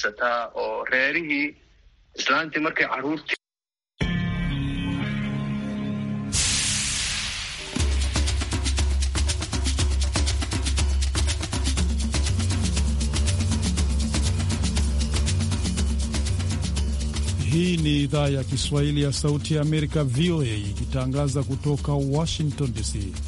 sataa oo reerihii islaantii markay caruurtii Hii ni idhaa ya Kiswahili ya Sauti ya Amerika, VOA, ikitangaza kutoka Washington DC.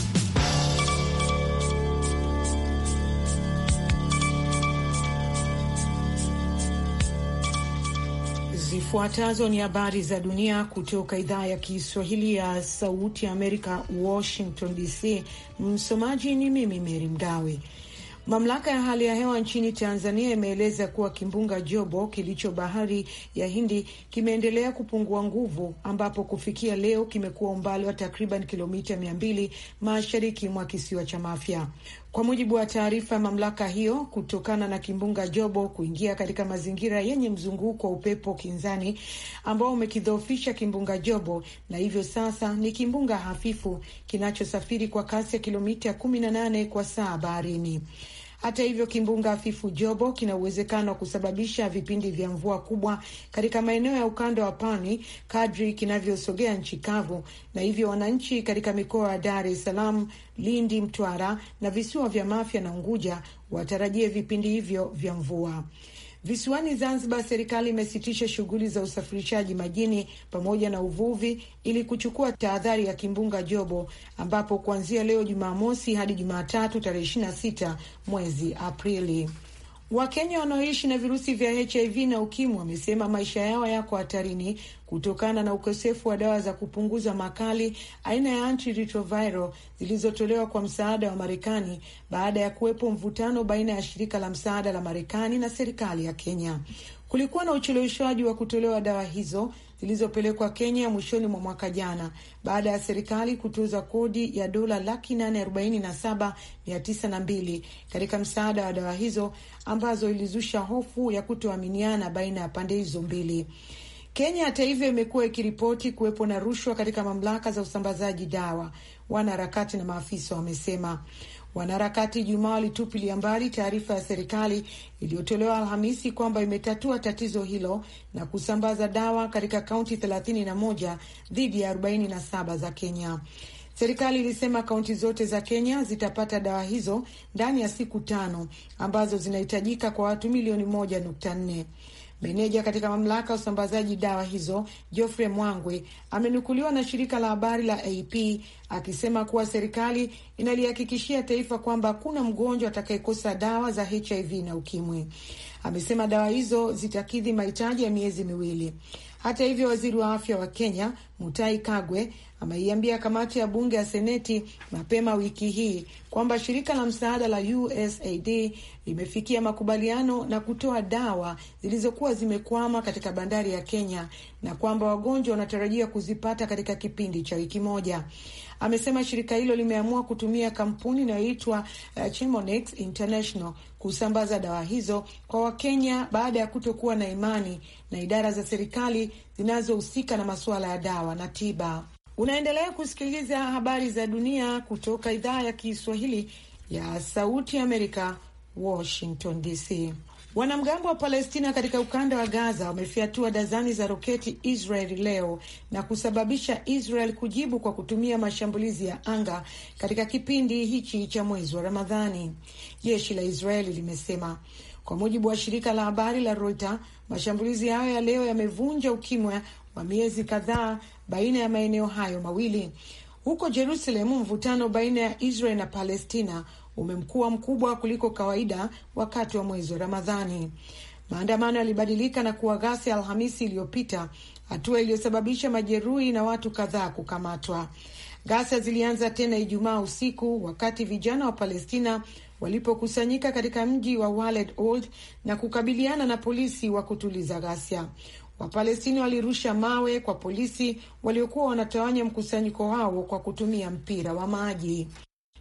Zifuatazo ni habari za dunia kutoka idhaa ya Kiswahili ya Sauti ya Amerika, Washington DC. Msomaji ni mimi Meri Mgawe. Mamlaka ya hali ya hewa nchini Tanzania imeeleza kuwa kimbunga Jobo kilicho bahari ya Hindi kimeendelea kupungua nguvu, ambapo kufikia leo kimekuwa umbali wa takriban kilomita mia mbili mashariki mwa kisiwa cha Mafia. Kwa mujibu wa taarifa ya mamlaka hiyo, kutokana na kimbunga Jobo kuingia katika mazingira yenye mzunguko wa upepo kinzani ambao umekidhoofisha kimbunga Jobo na hivyo sasa ni kimbunga hafifu kinachosafiri kwa kasi ya kilomita 18 kwa saa baharini. Hata hivyo, kimbunga hafifu Jobo kina uwezekano wa kusababisha vipindi vya mvua kubwa katika maeneo ya ukanda wa pwani kadri kinavyosogea nchi kavu, na hivyo wananchi katika mikoa ya Dar es Salaam, Lindi, Mtwara na visiwa vya Mafia na Unguja watarajie vipindi hivyo vya mvua. Visiwani Zanzibar, serikali imesitisha shughuli za usafirishaji majini pamoja na uvuvi ili kuchukua tahadhari ya kimbunga Jobo, ambapo kuanzia leo Jumamosi hadi Jumatatu tarehe 26 mwezi Aprili Wakenya wanaoishi na virusi vya HIV na ukimwi wamesema maisha yao yako hatarini kutokana na ukosefu wa dawa za kupunguza makali aina ya antiretroviral zilizotolewa kwa msaada wa Marekani baada ya kuwepo mvutano baina ya shirika la msaada la Marekani na serikali ya Kenya. Kulikuwa na ucheleweshaji wa kutolewa dawa hizo zilizopelekwa Kenya mwishoni mwa mwaka jana baada ya serikali kutoza kodi ya dola laki nane arobaini na saba mia tisa na mbili katika msaada wa dawa hizo ambazo ilizusha hofu ya kutoaminiana baina ya pande hizo mbili. Kenya hata hivyo imekuwa ikiripoti kuwepo na rushwa katika mamlaka za usambazaji dawa, wanaharakati na maafisa wamesema. Wanaharakati jumaa walitupilia mbali taarifa ya serikali iliyotolewa Alhamisi kwamba imetatua tatizo hilo na kusambaza dawa katika kaunti 31 dhidi ya 47 za Kenya. Serikali ilisema kaunti zote za Kenya zitapata dawa hizo ndani ya siku tano ambazo zinahitajika kwa watu milioni moja nukta nne. Meneja katika mamlaka ya usambazaji dawa hizo Geoffrey Mwangwe amenukuliwa na shirika la habari la AP akisema kuwa serikali inalihakikishia taifa kwamba hakuna mgonjwa atakayekosa dawa za HIV na ukimwi. Amesema dawa hizo zitakidhi mahitaji ya miezi miwili. Hata hivyo, waziri wa afya wa Kenya Mutai Kagwe ameiambia kamati ya bunge ya seneti mapema wiki hii kwamba shirika la msaada la USAID limefikia makubaliano na kutoa dawa zilizokuwa zimekwama katika bandari ya Kenya na kwamba wagonjwa wanatarajia kuzipata katika kipindi cha wiki moja amesema shirika hilo limeamua kutumia kampuni inayoitwa uh, Chimonex International kusambaza dawa hizo kwa Wakenya baada ya kutokuwa na imani na idara za serikali zinazohusika na masuala ya dawa na tiba. Unaendelea kusikiliza habari za dunia kutoka idhaa ya Kiswahili ya Sauti Amerika, Washington DC. Wanamgambo wa Palestina katika ukanda wa Gaza wamefyatua dazani za roketi Israeli leo na kusababisha Israel kujibu kwa kutumia mashambulizi ya anga katika kipindi hichi cha mwezi wa Ramadhani, jeshi la Israeli limesema. Kwa mujibu wa shirika la habari la Reuters, mashambulizi hayo ya leo yamevunja ukimya wa miezi kadhaa baina ya maeneo hayo mawili. Huko Jerusalemu, mvutano baina ya Israel na Palestina umemkuwa mkubwa kuliko kawaida wakati wa mwezi wa Ramadhani. Maandamano yalibadilika na kuwa ghasia Alhamisi iliyopita, hatua iliyosababisha majeruhi na watu kadhaa kukamatwa. Ghasia zilianza tena Ijumaa usiku wakati vijana wa Palestina walipokusanyika katika mji wa Walid Old na kukabiliana na polisi wa kutuliza ghasia. Wapalestina walirusha mawe kwa polisi waliokuwa wanatawanya mkusanyiko wao kwa kutumia mpira wa maji.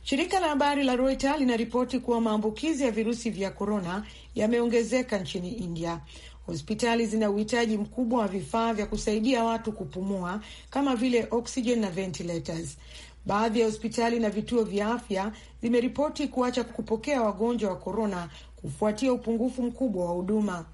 Shirika la habari la Reuters linaripoti kuwa maambukizi ya virusi vya korona yameongezeka nchini India. Hospitali zina uhitaji mkubwa wa vifaa vya kusaidia watu kupumua kama vile oxygen na ventilators. Baadhi ya hospitali na vituo vya afya zimeripoti kuacha kupokea wagonjwa wa korona kufuatia upungufu mkubwa wa huduma.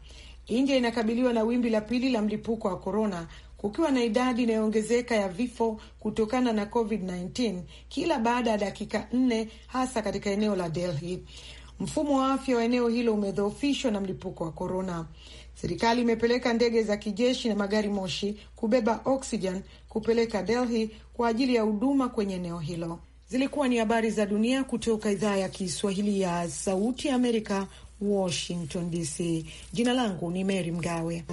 India inakabiliwa na wimbi la pili la mlipuko wa korona kukiwa na idadi inayoongezeka ya vifo kutokana na COVID-19 kila baada ya dakika nne, hasa katika eneo la Delhi. Mfumo wa afya wa eneo hilo umedhoofishwa na mlipuko wa korona. Serikali imepeleka ndege za kijeshi na magari moshi kubeba oksijen kupeleka Delhi kwa ajili ya huduma kwenye eneo hilo. Zilikuwa ni habari za dunia kutoka idhaa ya Kiswahili ya Sauti ya Amerika, Washington DC. Jina langu ni Mary Mgawe.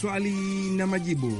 maswali na majibu.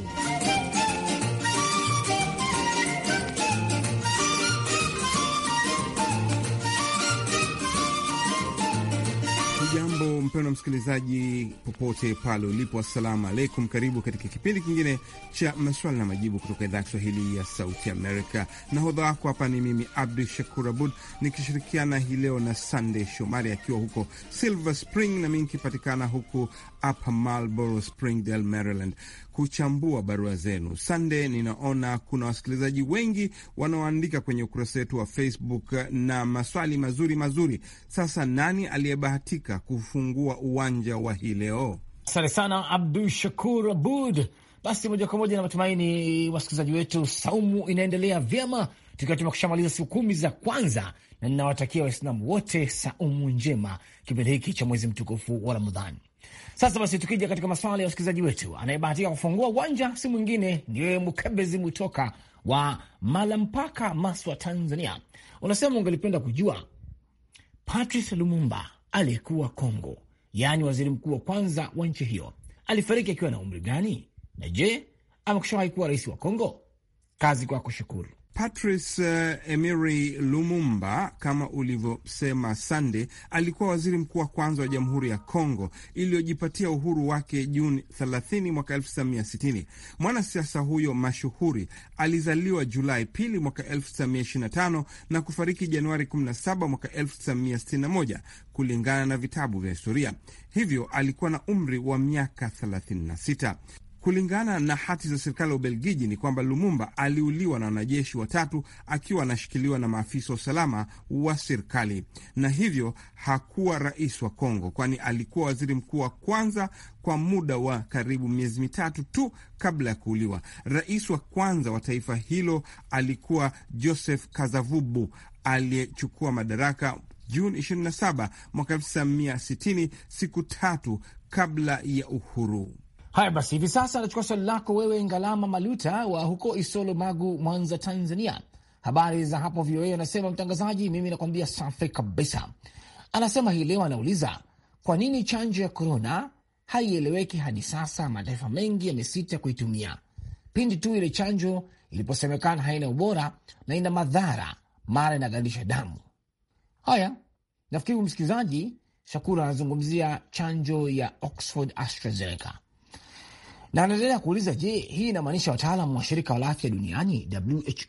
Jambo mpendwa msikilizaji, popote pale ulipo, assalamu alaikum. Karibu katika kipindi kingine cha maswali na majibu kutoka idhaa ya Kiswahili ya Sauti Amerika. Nahodha wako hapa ni mimi Abdu Shakur Abud nikishirikiana hii leo na Sandey Shomari akiwa huko Silver Spring na mimi nikipatikana huku Upper Marlboro, Springdale, Maryland, kuchambua barua zenu. Sande, ninaona kuna wasikilizaji wengi wanaoandika kwenye ukurasa wetu wa Facebook na maswali mazuri mazuri. Sasa nani aliyebahatika kufungua uwanja wa hii leo? Asante sana Abdu Shakur Abud. Basi moja kwa moja na matumaini wasikilizaji wetu, saumu inaendelea vyema, tukiwa kushamaliza siku kumi za kwanza, na ninawatakia Waislamu wote saumu njema kipindi hiki cha mwezi mtukufu wa Ramadhani. Sasa basi, tukija katika maswala ya wasikilizaji wetu, anayebahatika kufungua uwanja si mwingine ndiye Mkebezi Mutoka wa Malampaka, Maswa, Tanzania. Unasema ungelipenda kujua Patrice Lumumba aliyekuwa Kongo, yaani waziri mkuu wa kwanza wa nchi hiyo, alifariki akiwa na umri gani? Na je, amekushawahi kuwa rais wa Kongo? Kazi kwa kushukuru. Patrice uh, Emery Lumumba, kama ulivyosema Sande, alikuwa waziri mkuu wa kwanza wa Jamhuri ya Kongo iliyojipatia uhuru wake Juni 30 mwaka 1960. Mwanasiasa huyo mashuhuri alizaliwa Julai pili mwaka 1925 na kufariki Januari 17 mwaka 1961 kulingana na vitabu vya historia. Hivyo alikuwa na umri wa miaka 36. Kulingana na hati za serikali ya Ubelgiji ni kwamba Lumumba aliuliwa na wanajeshi watatu akiwa anashikiliwa na maafisa wa usalama wa serikali, na hivyo hakuwa rais wa Kongo, kwani alikuwa waziri mkuu wa kwanza kwa muda wa karibu miezi mitatu tu kabla ya kuuliwa. Rais wa kwanza wa taifa hilo alikuwa Joseph kazavubu aliyechukua madaraka Juni 27 mwaka 1960, siku tatu kabla ya uhuru. Haya basi, hivi sasa anachukua swali lako wewe, Ngalama Maluta wa huko Isolo, Magu, Mwanza, Tanzania. Habari za hapo VOA? Anasema mtangazaji, mimi nakwambia safi kabisa. Anasema hii leo anauliza kwa nini chanjo ya korona haieleweki hadi sasa? Mataifa mengi yamesita kuitumia pindi tu ile chanjo iliposemekana haina ubora na ina madhara, mara inagandisha damu. Haya, nafikiri msikilizaji Shakura anazungumzia chanjo ya Oxford AstraZeneca na anaendelea kuuliza, je, hii inamaanisha wataalam wa shirika la afya duniani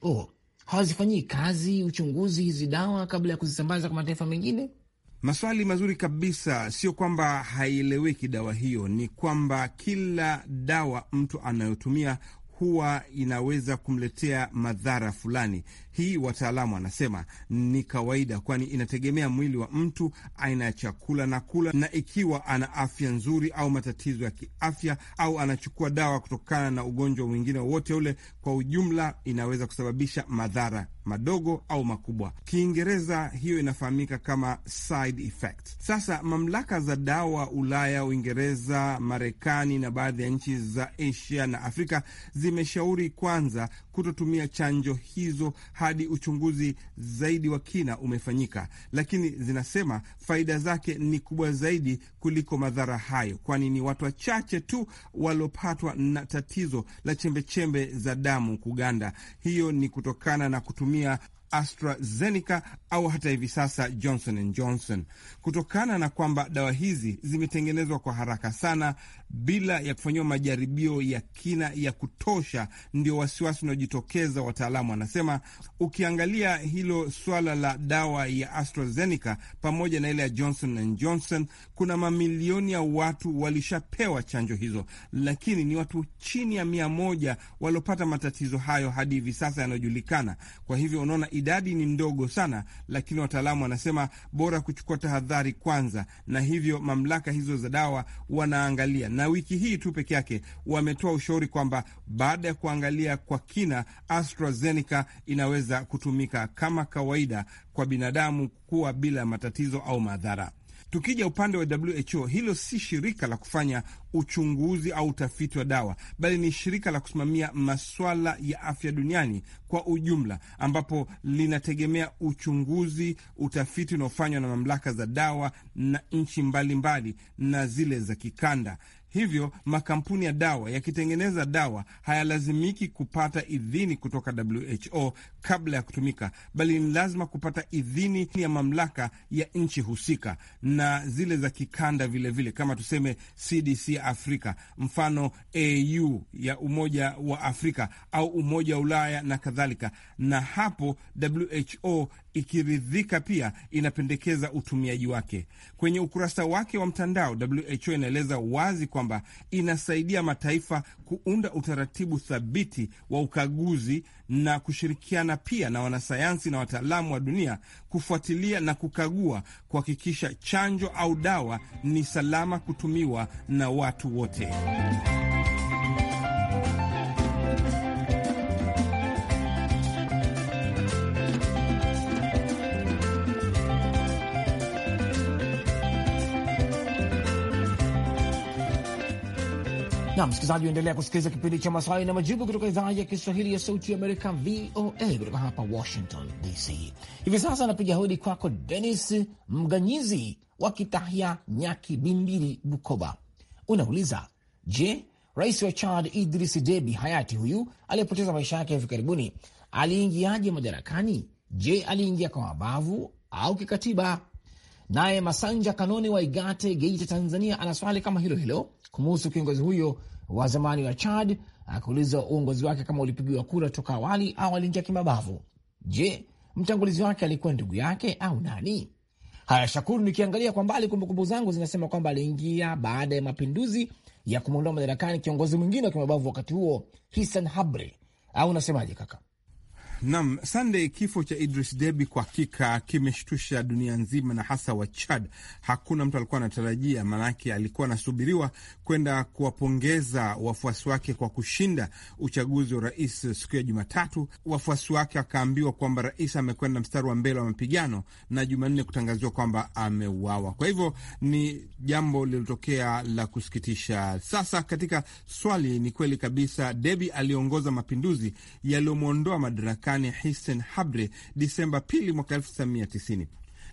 WHO hawazifanyii kazi uchunguzi hizi dawa kabla ya kuzisambaza kwa mataifa mengine? Maswali mazuri kabisa. Sio kwamba haieleweki dawa hiyo, ni kwamba kila dawa mtu anayotumia huwa inaweza kumletea madhara fulani. Hii wataalamu wanasema ni kawaida, kwani inategemea mwili wa mtu, aina ya chakula na kula, na ikiwa ana afya nzuri au matatizo ya kiafya, au anachukua dawa kutokana na ugonjwa mwingine wowote ule. Kwa ujumla, inaweza kusababisha madhara madogo au makubwa. Kiingereza hiyo inafahamika kama side effect. Sasa mamlaka za dawa Ulaya, Uingereza, Marekani na baadhi ya nchi za Asia na Afrika zimeshauri kwanza kutotumia chanjo hizo hadi uchunguzi zaidi wa kina umefanyika, lakini zinasema faida zake ni kubwa zaidi kuliko madhara hayo, kwani ni watu wachache tu waliopatwa na tatizo la chembechembe za damu kuganda. Hiyo ni kutokana na kutumia AstraZeneca au hata hivi sasa Johnson and Johnson, kutokana na kwamba dawa hizi zimetengenezwa kwa haraka sana bila ya kufanyiwa majaribio ya kina ya kutosha. Ndio wasiwasi unaojitokeza. Wataalamu wanasema ukiangalia hilo swala la dawa ya AstraZeneca pamoja na ile ya Johnson and Johnson, kuna mamilioni ya watu walishapewa chanjo hizo, lakini ni watu chini ya mia moja waliopata matatizo hayo hadi hivi sasa yanayojulikana. Kwa hivyo unaona idadi ni ndogo sana, lakini wataalamu wanasema bora kuchukua tahadhari kwanza, na hivyo mamlaka hizo za dawa wanaangalia. Na wiki hii tu peke yake wametoa ushauri kwamba baada ya kuangalia kwa kina, AstraZeneca inaweza kutumika kama kawaida kwa binadamu kuwa bila matatizo au madhara. Tukija upande wa WHO, hilo si shirika la kufanya uchunguzi au utafiti wa dawa, bali ni shirika la kusimamia maswala ya afya duniani kwa ujumla, ambapo linategemea uchunguzi, utafiti unaofanywa na mamlaka za dawa na nchi mbalimbali na zile za kikanda. Hivyo makampuni ya dawa yakitengeneza dawa hayalazimiki kupata idhini kutoka WHO kabla ya kutumika, bali ni lazima kupata idhini ya mamlaka ya nchi husika na zile za kikanda vilevile vile, kama tuseme CDC ya Afrika, mfano AU ya Umoja wa Afrika au Umoja wa Ulaya na kadhalika, na hapo WHO ikiridhika pia inapendekeza utumiaji wake. Kwenye ukurasa wake wa mtandao, WHO inaeleza wazi kwamba inasaidia mataifa kuunda utaratibu thabiti wa ukaguzi na kushirikiana pia na wanasayansi na wataalamu wa dunia kufuatilia na kukagua, kuhakikisha chanjo au dawa ni salama kutumiwa na watu wote. na msikilizaji, uendelea kusikiliza kipindi cha maswali na majibu kutoka idhaa ya Kiswahili ya Sauti ya Amerika, VOA, kutoka hapa Washington DC. Hivi sasa anapiga hodi kwako Denis Mganyizi wa Kitahya Nyaki Bimbili, Bukoba. Unauliza, je, rais wa Chad Idris Debi hayati huyu aliyepoteza maisha yake hivi karibuni aliingiaje madarakani? Je, aliingia kwa mabavu au kikatiba? Naye Masanja Kanone wa Igate, Geita, Tanzania, ana swali kama hilo hilo kumuhusu kiongozi huyo wa zamani wa Chad, akiuliza uongozi wake kama ulipigiwa kura toka awali au aliingia kimabavu. Je, mtangulizi wake alikuwa ndugu yake au nani? Haya, Shakuru, nikiangalia kwa mbali kumbukumbu zangu zinasema kwamba aliingia baada ya mapinduzi ya kumwondoa madarakani kiongozi mwingine wa kimabavu wakati huo, Hisan Habre, au unasemaje kaka? Nam Sunday, kifo cha Idris Deby kwa hakika kimeshtusha dunia nzima na hasa wa Chad. Hakuna mtu alikuwa anatarajia, maanake alikuwa anasubiriwa kwenda kuwapongeza wafuasi wake kwa kushinda uchaguzi wa rais siku ya Jumatatu. Wafuasi wake akaambiwa kwamba rais amekwenda mstari wa mbele wa mapigano, na Jumanne kutangaziwa kwamba ameuawa. Kwa hivyo ni jambo lililotokea la kusikitisha. Sasa katika swali, ni kweli kabisa Deby aliongoza mapinduzi yaliyomwondoa madaraka Marekani Hisen Habre Disemba pili mwaka 1990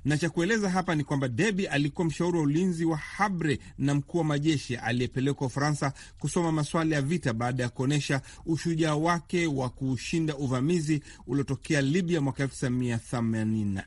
na cha kueleza hapa ni kwamba Debi alikuwa mshauri wa ulinzi wa Habre na mkuu wa majeshi aliyepelekwa Ufaransa kusoma masuala ya vita baada ya kuonyesha ushujaa wake wa kushinda uvamizi uliotokea Libya mwaka 1984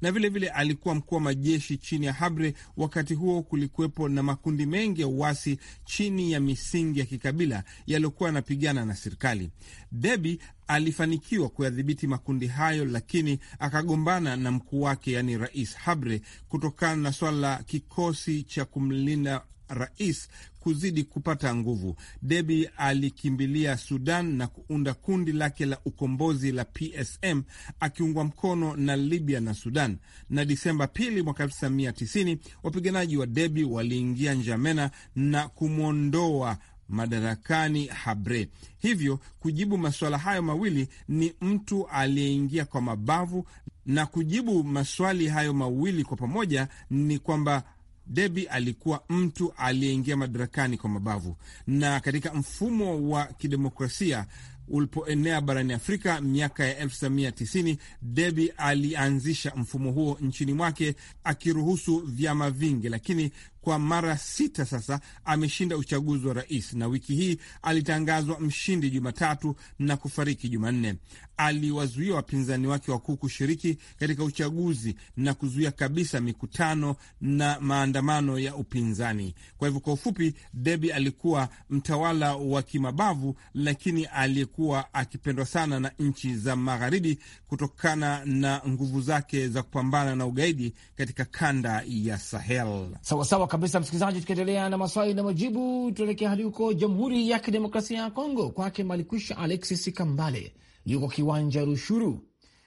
na vilevile vile alikuwa mkuu wa majeshi chini ya Habre. Wakati huo kulikuwepo na makundi mengi ya uasi chini ya misingi ya kikabila yaliyokuwa yanapigana na serikali. Debi alifanikiwa kuyadhibiti makundi hayo, lakini akagombana na mkuu wake, yaani Rais Habre, kutokana na swala la kikosi cha kumlinda rais kuzidi kupata nguvu. Debi alikimbilia Sudan na kuunda kundi lake la ukombozi la PSM akiungwa mkono na Libya na Sudan. Na Disemba pili mwaka 1990 wapiganaji wa Debi waliingia Njamena na kumwondoa madarakani Habre. Hivyo kujibu masuala hayo mawili ni mtu aliyeingia kwa mabavu, na kujibu maswali hayo mawili kwa pamoja ni kwamba Debi alikuwa mtu aliyeingia madarakani kwa mabavu, na katika mfumo wa kidemokrasia ulipoenea barani Afrika miaka ya 1990 Debi alianzisha mfumo huo nchini mwake akiruhusu vyama vingi, lakini kwa mara sita sasa ameshinda uchaguzi wa rais, na wiki hii alitangazwa mshindi Jumatatu na kufariki Jumanne. Aliwazuia wapinzani wake wakuu kushiriki katika uchaguzi na kuzuia kabisa mikutano na maandamano ya upinzani. Kwa hivyo, kwa ufupi, Deby alikuwa mtawala wa kimabavu, lakini aliyekuwa akipendwa sana na nchi za Magharibi kutokana na nguvu zake za kupambana na ugaidi katika kanda ya Sahel. sawa kabisa msikilizaji. Tukiendelea na maswali na majibu, tuelekea hadi huko Jamhuri ya Kidemokrasia ya Kongo, kwake Malikwisha Alexis Kambale yuko kiwanja Rushuru.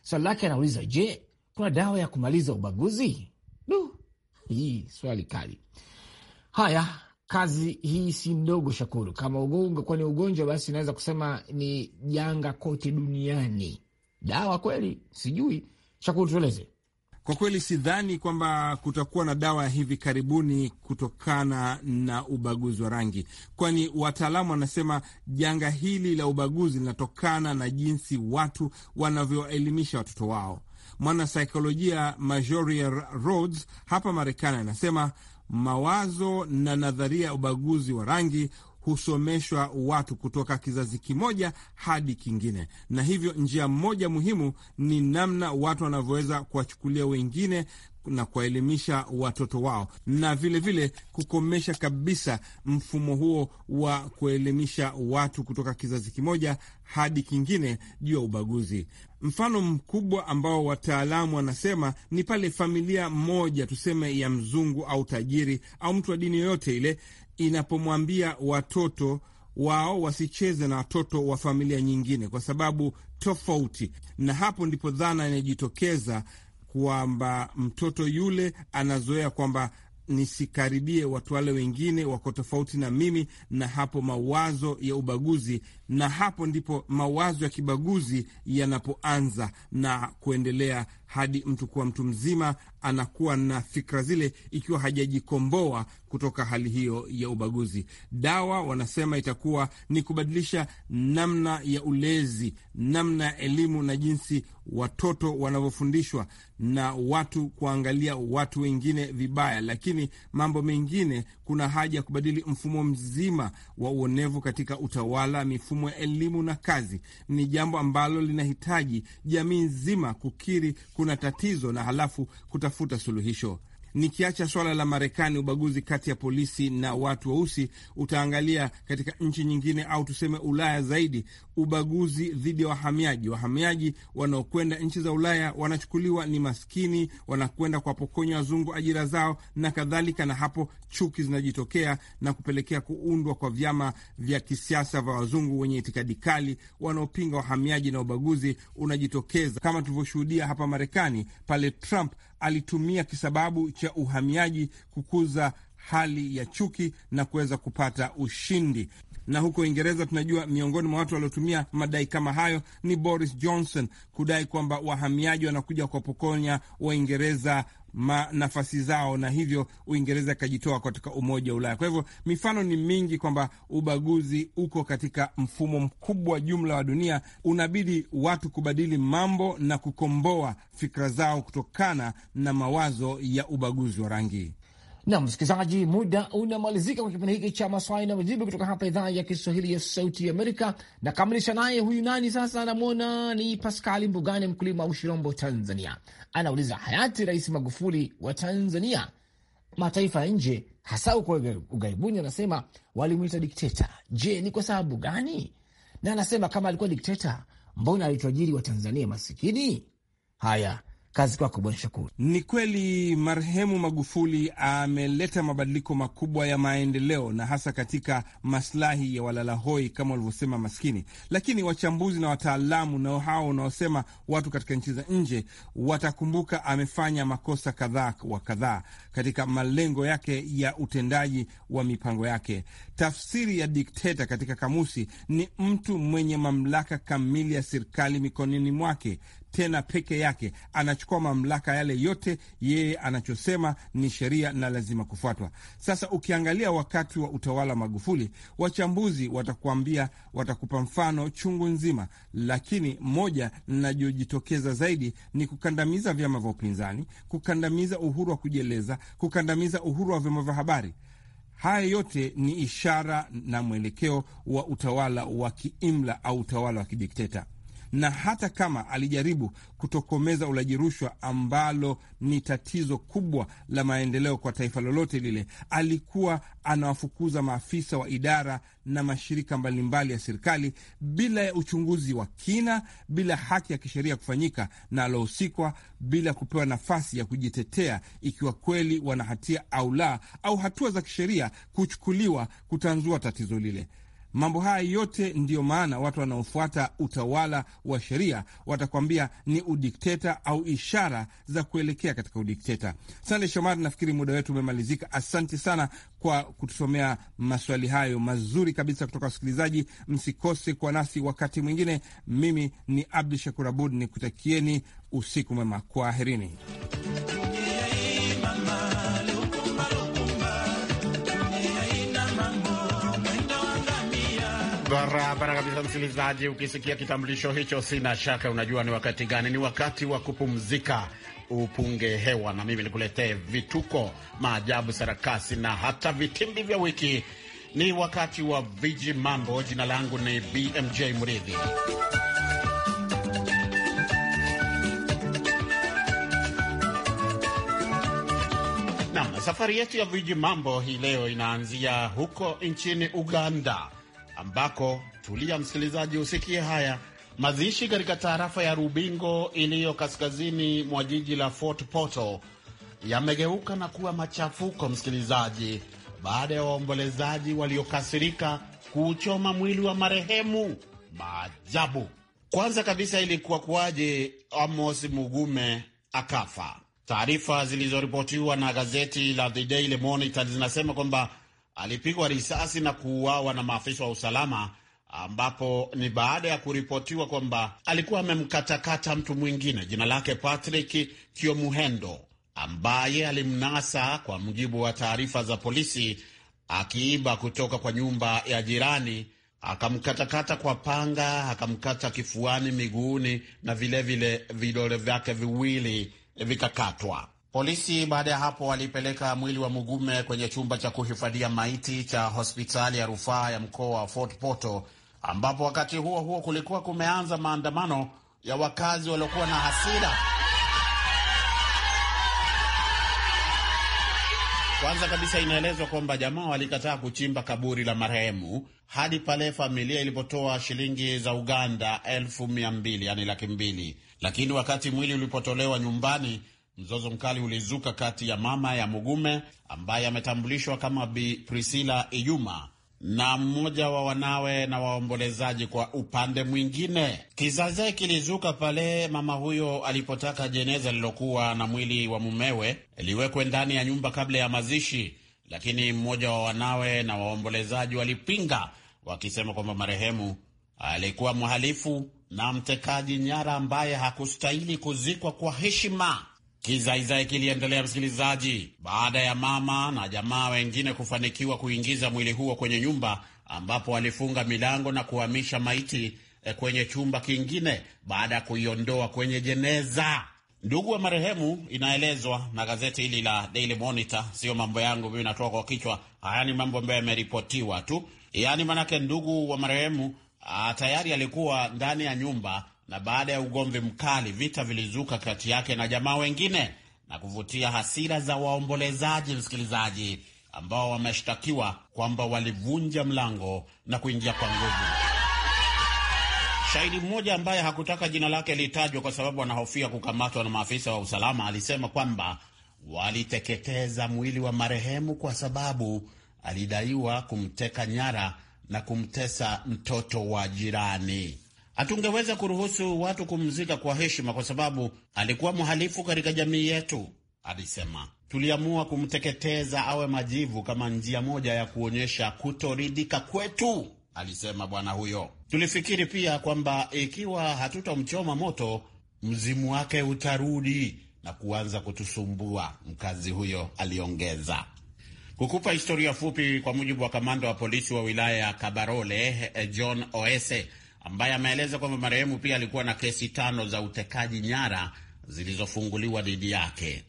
Swali lake anauliza, je, kuna dawa ya kumaliza ubaguzi? Du, hii swali kali. Haya, kazi hii si ndogo, Shakuru. Kama uguu kwani ni ugonjwa, basi inaweza kusema ni janga kote duniani. Dawa kweli sijui, Shakuru tueleze. Kwa kweli sidhani kwamba kutakuwa na dawa hivi karibuni kutokana na ubaguzi wa rangi, kwani wataalamu wanasema janga hili la ubaguzi linatokana na jinsi watu wanavyoelimisha watoto wao. Mwanasaikolojia Majoria Rhodes hapa Marekani anasema mawazo na nadharia ya ubaguzi wa rangi husomeshwa watu kutoka kizazi kimoja hadi kingine, na hivyo njia moja muhimu ni namna watu wanavyoweza kuwachukulia wengine na kuwaelimisha watoto wao na vilevile vile kukomesha kabisa mfumo huo wa kuelimisha watu kutoka kizazi kimoja hadi kingine juu ya ubaguzi. Mfano mkubwa ambao wataalamu wanasema ni pale familia moja tuseme ya mzungu au tajiri au mtu wa dini yoyote ile inapomwambia watoto wao wasicheze na watoto wa familia nyingine kwa sababu tofauti, na hapo ndipo dhana inayojitokeza kwamba mtoto yule anazoea kwamba nisikaribie watu wale wengine wako tofauti na mimi, na hapo mawazo ya ubaguzi, na hapo ndipo mawazo ya kibaguzi yanapoanza na kuendelea hadi mtu kuwa mtu mzima anakuwa na fikra zile, ikiwa hajajikomboa kutoka hali hiyo ya ubaguzi. Dawa wanasema itakuwa ni kubadilisha namna ya ulezi, namna ya elimu na jinsi watoto wanavyofundishwa na watu kuangalia watu wengine vibaya. Lakini mambo mengine, kuna haja ya kubadili mfumo mzima wa uonevu katika utawala, mifumo ya elimu na kazi. Ni jambo ambalo linahitaji jamii nzima kukiri kuna tatizo na halafu kutafuta suluhisho. Nikiacha swala la Marekani, ubaguzi kati ya polisi na watu weusi, utaangalia katika nchi nyingine au tuseme Ulaya zaidi, ubaguzi dhidi ya wahamiaji. Wahamiaji wanaokwenda nchi za Ulaya wanachukuliwa ni maskini, wanakwenda kuwapokonya wazungu ajira zao na kadhalika, na hapo chuki zinajitokea na kupelekea kuundwa kwa vyama vya kisiasa vya wazungu wenye itikadi kali wanaopinga wahamiaji, na ubaguzi unajitokeza kama tulivyoshuhudia hapa Marekani pale Trump alitumia kisababu cha uhamiaji kukuza hali ya chuki na kuweza kupata ushindi. Na huko Uingereza tunajua miongoni mwa watu waliotumia madai kama hayo ni Boris Johnson kudai kwamba wahamiaji wanakuja kuwapokonya Waingereza nafasi zao na hivyo Uingereza ikajitoa katika Umoja wa Ulaya. Kwa hivyo mifano ni mingi kwamba ubaguzi uko katika mfumo mkubwa jumla wa dunia. Unabidi watu kubadili mambo na kukomboa fikra zao kutokana na mawazo ya ubaguzi wa rangi na msikilizaji, muda unamalizika kwa kipindi hiki cha maswali na majibu kutoka hapa idhaa ya Kiswahili ya Sauti ya Amerika. Nakamilisha naye huyu nani sasa, anamwona ni Paskali Mbugane, mkulima wa Ushirombo, Tanzania. Anauliza, hayati Rais Magufuli wa Tanzania mataifa ya nje hasa huko ughaibuni, anasema walimwita dikteta. Je, ni kwa sababu gani? Na anasema kama alikuwa dikteta, mbona alitwajiri wa Tanzania masikini? Haya, Kazi kwako Bwana Shakuru. Ni kweli marehemu Magufuli ameleta mabadiliko makubwa ya maendeleo na hasa katika maslahi ya walalahoi kama walivyosema maskini, lakini wachambuzi na wataalamu nao hao unaosema watu katika nchi za nje watakumbuka amefanya makosa kadhaa wa kadhaa katika malengo yake ya utendaji wa mipango yake. Tafsiri ya dikteta katika kamusi ni mtu mwenye mamlaka kamili ya serikali mikononi mwake tena peke yake, anachukua mamlaka yale yote, yeye anachosema ni sheria na lazima kufuatwa. Sasa ukiangalia wakati wa utawala wa Magufuli, wachambuzi watakuambia, watakupa mfano chungu nzima, lakini moja linajojitokeza zaidi ni kukandamiza vyama vya upinzani, kukandamiza uhuru wa kujieleza, kukandamiza uhuru wa vyombo vya habari. Haya yote ni ishara na mwelekeo wa utawala wa kiimla au utawala wa kidikteta na hata kama alijaribu kutokomeza ulaji rushwa, ambalo ni tatizo kubwa la maendeleo kwa taifa lolote lile, alikuwa anawafukuza maafisa wa idara na mashirika mbalimbali ya serikali bila ya uchunguzi wa kina, bila haki ya kisheria kufanyika na alohusikwa bila kupewa nafasi ya kujitetea ikiwa kweli wanahatia au la, au hatua za kisheria kuchukuliwa kutanzua tatizo lile. Mambo haya yote ndiyo maana watu wanaofuata utawala wa sheria watakwambia ni udikteta au ishara za kuelekea katika udikteta. Sande Shomari, nafikiri muda wetu umemalizika. Asante sana kwa kutusomea maswali hayo mazuri kabisa kutoka wasikilizaji. Msikose kwa nasi wakati mwingine. Mimi ni Abdu Shakur Abud, nikutakieni usiku mwema, kwaherini. Barabara kabisa, msikilizaji, ukisikia kitambulisho hicho, sina shaka unajua ni wakati gani. Ni wakati wa kupumzika, upunge hewa, na mimi nikuletee vituko, maajabu, sarakasi na hata vitimbi vya wiki. Ni wakati wa viji mambo. Jina langu ni BMJ Mridhi. Nam, safari yetu ya viji mambo hii leo inaanzia huko nchini Uganda ambako tulia msikilizaji, usikie haya. Mazishi katika taarafa ya Rubingo iliyo kaskazini mwa jiji la Fort Portal yamegeuka na kuwa machafuko, msikilizaji, baada ya waombolezaji waliokasirika kuuchoma mwili wa marehemu. Maajabu! Kwanza kabisa ilikuwa kuwaje Amos Mugume akafa? Taarifa zilizoripotiwa na gazeti la The Daily Monitor zinasema kwamba alipigwa risasi na kuuawa na maafisa wa usalama, ambapo ni baada ya kuripotiwa kwamba alikuwa amemkatakata mtu mwingine jina lake Patrick Kiomuhendo ambaye alimnasa, kwa mujibu wa taarifa za polisi, akiiba kutoka kwa nyumba ya jirani akamkatakata kwa panga, akamkata kifuani, miguuni na vilevile vidole vyake viwili vikakatwa. Polisi baada ya hapo walipeleka mwili wa Mugume kwenye chumba cha kuhifadhia maiti cha hospitali ya rufaa ya mkoa wa Fort Portal, ambapo wakati huo huo kulikuwa kumeanza maandamano ya wakazi waliokuwa na hasira. Kwanza kabisa, inaelezwa kwamba jamaa walikataa kuchimba kaburi la marehemu hadi pale familia ilipotoa shilingi za Uganda elfu mia mbili, yani laki mbili, lakini wakati mwili ulipotolewa nyumbani Mzozo mkali ulizuka kati ya mama ya Mugume ambaye ametambulishwa kama Bi Priscilla Iyuma na mmoja wa wanawe na waombolezaji. Kwa upande mwingine, kizazi kilizuka pale mama huyo alipotaka jeneza lilokuwa na mwili wa mumewe liwekwe ndani ya nyumba kabla ya mazishi, lakini mmoja wa wanawe na waombolezaji walipinga wakisema kwamba marehemu alikuwa mhalifu na mtekaji nyara ambaye hakustahili kuzikwa kwa heshima. Kizaizai kiliendelea msikilizaji, baada ya mama na jamaa wengine kufanikiwa kuingiza mwili huo kwenye nyumba ambapo walifunga milango na kuhamisha maiti eh, kwenye chumba kingine baada ya kuiondoa kwenye jeneza. Ndugu wa marehemu, inaelezwa na gazeti hili la Daily Monitor, sio mambo yangu mimi, natoka kwa kichwa. Haya ni mambo ambayo yameripotiwa tu, yaani maanake ndugu wa marehemu ah, tayari alikuwa ndani ya nyumba na baada ya ugomvi mkali, vita vilizuka kati yake na jamaa wengine na kuvutia hasira za waombolezaji, msikilizaji, ambao wameshtakiwa kwamba walivunja mlango na kuingia kwa nguvu. Shahidi mmoja ambaye hakutaka jina lake litajwa kwa sababu anahofia kukamatwa na maafisa wa usalama alisema kwamba waliteketeza mwili wa marehemu kwa sababu alidaiwa kumteka nyara na kumtesa mtoto wa jirani. Hatungeweza kuruhusu watu kumzika kwa heshima kwa sababu alikuwa mhalifu katika jamii yetu, alisema. Tuliamua kumteketeza awe majivu kama njia moja ya kuonyesha kutoridhika kwetu, alisema bwana huyo. Tulifikiri pia kwamba ikiwa hatutamchoma moto, mzimu wake utarudi na kuanza kutusumbua, mkazi huyo aliongeza. Kukupa historia fupi, kwa mujibu wa kamanda wa polisi wa wilaya ya Kabarole John Oese ambaye ameeleza kwamba marehemu pia alikuwa na kesi tano za utekaji nyara zilizofunguliwa dhidi yake.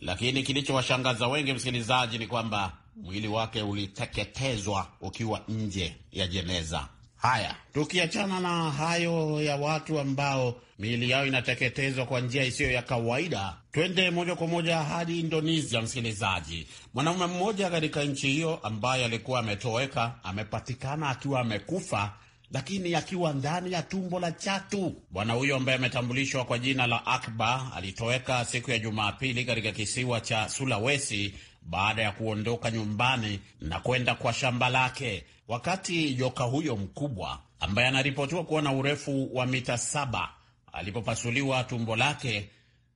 Lakini kilichowashangaza wengi, msikilizaji, ni kwamba mwili wake uliteketezwa ukiwa nje ya jeneza. Haya, tukiachana na hayo ya watu ambao miili yao inateketezwa kwa njia isiyo ya kawaida, twende moja kwa moja hadi Indonesia. Msikilizaji, mwanaume mmoja katika nchi hiyo ambaye alikuwa ametoweka amepatikana akiwa amekufa lakini akiwa ndani ya tumbo la chatu. Bwana huyo ambaye ametambulishwa kwa jina la Akbar alitoweka siku ya Jumapili katika kisiwa cha Sulawesi baada ya kuondoka nyumbani na kwenda kwa shamba lake, wakati joka huyo mkubwa ambaye anaripotiwa kuwa na urefu wa mita saba alipopasuliwa tumbo lake,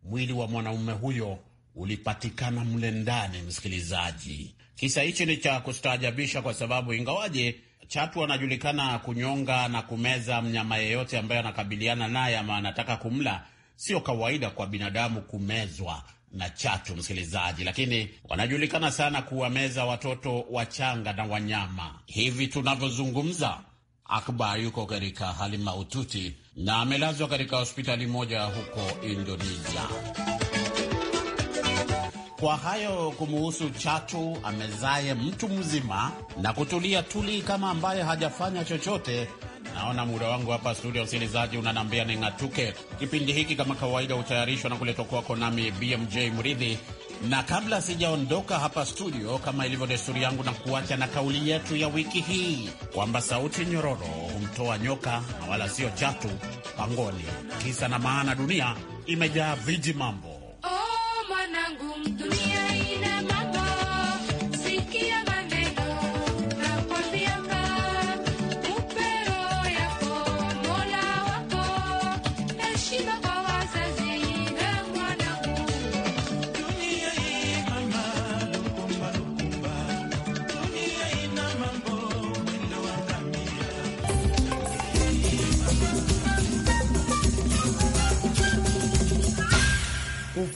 mwili wa mwanaume huyo ulipatikana mle ndani. Msikilizaji, kisa hichi ni cha kustaajabisha kwa sababu ingawaje Chatu anajulikana kunyonga na kumeza mnyama yeyote ambaye anakabiliana naye ama anataka kumla. Sio kawaida kwa binadamu kumezwa na chatu, msikilizaji, lakini wanajulikana sana kuwameza watoto wachanga na wanyama. Hivi tunavyozungumza, Akbar yuko katika hali mahututi na amelazwa katika hospitali moja huko Indonesia. Kwa hayo kumuhusu chatu amezaye mtu mzima na kutulia tuli kama ambaye hajafanya chochote. Naona muda wangu hapa studio, msikilizaji, ni ning'atuke. Kipindi hiki kama kawaida hutayarishwa na kuletwa kwako nami BMJ Mridhi, na kabla sijaondoka hapa studio, kama ilivyo desturi yangu, na kuacha na kauli yetu ya wiki hii kwamba sauti nyororo humtoa nyoka na wala sio chatu pangoni. Kisa na maana, dunia imejaa viji mambo mwanangu, dunia ina mambo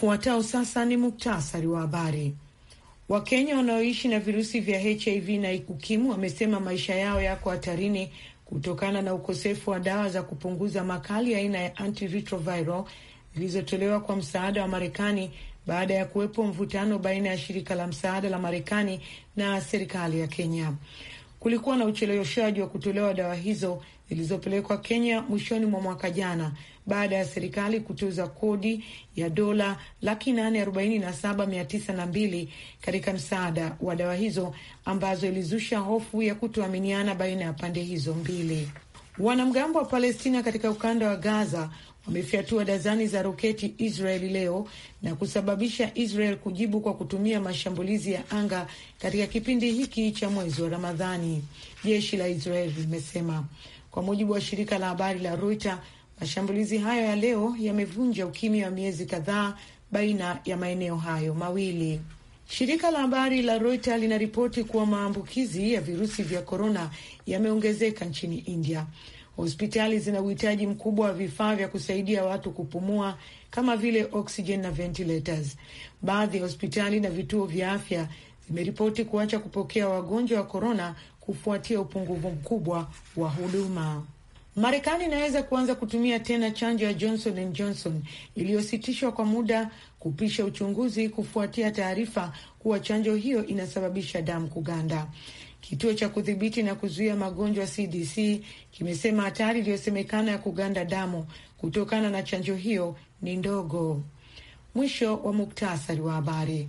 Ufuatao sasa ni muktasari wa habari. Wakenya wanaoishi na virusi vya HIV na ukimwi wamesema maisha yao yako hatarini kutokana na ukosefu wa dawa za kupunguza makali aina ya antiretroviral zilizotolewa kwa msaada wa Marekani baada ya kuwepo mvutano baina ya shirika la msaada la Marekani na serikali ya Kenya. Kulikuwa na ucheleweshaji wa kutolewa dawa hizo zilizopelekwa Kenya mwishoni mwa mwaka jana baada ya serikali kutuza kodi ya dola laki nane arobaini na saba mia tisa na mbili katika msaada wa dawa hizo ambazo ilizusha hofu ya kutoaminiana baina ya pande hizo mbili. Wanamgambo wa Palestina katika ukanda wa Gaza wamefyatua dazani za roketi Israeli leo na kusababisha Israel kujibu kwa kutumia mashambulizi ya anga katika kipindi hiki cha mwezi wa Ramadhani, jeshi la Israel limesema. Kwa mujibu wa shirika la habari la Reuters, mashambulizi hayo ya leo yamevunja ukimya wa miezi kadhaa baina ya maeneo hayo mawili. Shirika la habari la Reuters linaripoti kuwa maambukizi ya virusi vya korona yameongezeka nchini India. Hospitali zina uhitaji mkubwa wa vifaa vya kusaidia watu kupumua kama vile oxygen na ventilators. Baadhi ya hospitali na vituo vya afya zimeripoti kuacha kupokea wagonjwa wa korona kufuatia upungufu mkubwa wa huduma. Marekani inaweza kuanza kutumia tena chanjo ya Johnson and Johnson iliyositishwa kwa muda kupisha uchunguzi kufuatia taarifa kuwa chanjo hiyo inasababisha damu kuganda. Kituo cha kudhibiti na kuzuia magonjwa CDC kimesema hatari iliyosemekana ya kuganda damu kutokana na chanjo hiyo ni ndogo. Mwisho wa muktasari wa habari.